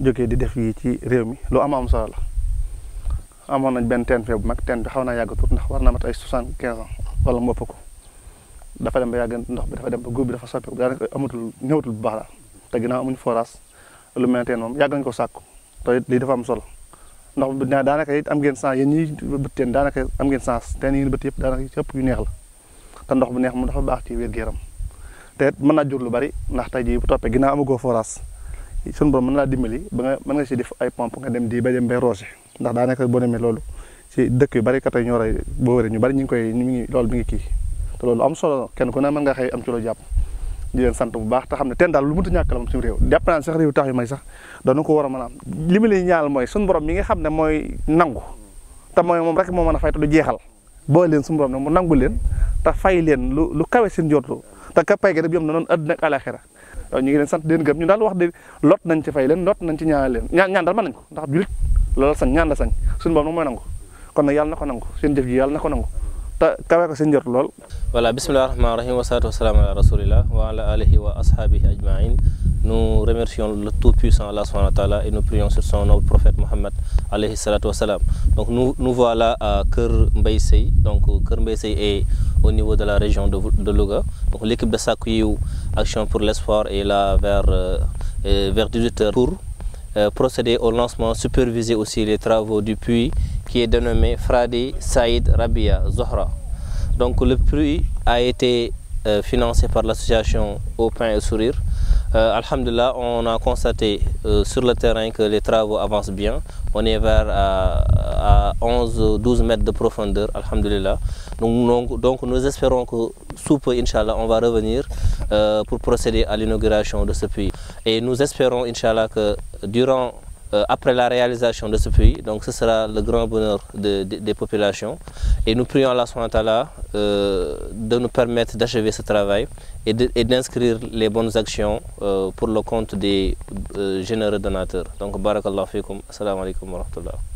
jógee di def yi ci réew mi lu am am solo la amoon nañ benn teen fee bu mag teen xaw naa yàgg ndax war naa mat ay soixante quinze ans wala mu ëpp ko dafa dem ba yàgg ndox bi dafa dem ba góob dafa soppeeku daanaka amatul ñëwatul bu baax daal te ginnaaw amuñ forage lu mel teen moom yàgg nañ ko sàkku dafa am solo ndox bi daanaka it am ngeen sens teen daanaka am ngeen sens teen yi bët yëpp daanaka yëpp yu neex la te ndox bu neex moom dafa baax ci wér gu te it mën naa jur lu bari ndax tey jii bu toppee ginnaaw amagoo forage sun borom mën laa dimbali ba nga mën nga si def ay pompe nga dem di ba dem bay roose ndax daanaka boo demee loolu si dëkk yu bari kat ñoo rey boo wëree ñu bari ñu ngi koy ñu ngi loolu kii te loolu am solo kenn ku ne mën nga xëy am ci loo jàpp di leen sant bu baax te xam ne daal lu mënta ñàkk la moom suñu réew sax réew tax yu may sax doona ko war a man a am li ma leen ñaal mooy suñu borom mi nga xam ne mooy nangu te mooy moom rek moo man a fay te du jeexal boo leen suñu borom ne mu nangu leen te fay leen lu lu kawe seen jotlu te ka yom na noonu àddina ak ñu ngi leen sant leen gëm ñu daal wax de lot nañ ci fay leen lot nañ ci ñaanal leen ñaan ñaan dal mën nañ ko ndax julit loolu sañ ñaan la sañ suñu boom nag mooy nangu kon nag yàlla na ko nangu seen jëf ji yàlla na ko nangu te kawe ko seen jot lool voilà bisimilah rahmaani rahim wa wasalaatu wasalaamu ala rasulillah wa ala alihi wa ashaabihi ajmain nous remercions le Tout-Puissant, Allah subhanahu et nous prions sur son noble prophète Mohammed, alayhi salatu wasalam. Donc nous, nous voilà à Ker Mbaïsei. Donc Ker Mbaïsei est au niveau de la région de, de Louga. Donc l'équipe de Sakuyou Action pour l'espoir est là vers, euh, euh, vers 18h pour euh, procéder au lancement, superviser aussi les travaux du puits qui est dénommé Fradi Saïd Rabia Zohra. Donc le puits a été financé par l'association Au Pain et Sourire euh, Alhamdulillah, on a constaté euh, sur le terrain que les travaux avancent bien. On est vers euh, à, 11-12 mètres de profondeur, Alhamdulillah. Donc, donc, nous espérons que sous peu, Inch'Allah, on va revenir pour procéder à l'inauguration de ce puits. Et nous espérons, Inch'Allah, que durant euh, après la réalisation de ce pays. Donc ce sera le grand bonheur des populations. Et nous prions Allah SWT euh, de nous permettre d'achever ce travail et d'inscrire les bonnes actions euh, pour le compte des euh, généreux donateurs. Donc barakallahu fikum, alaikum wa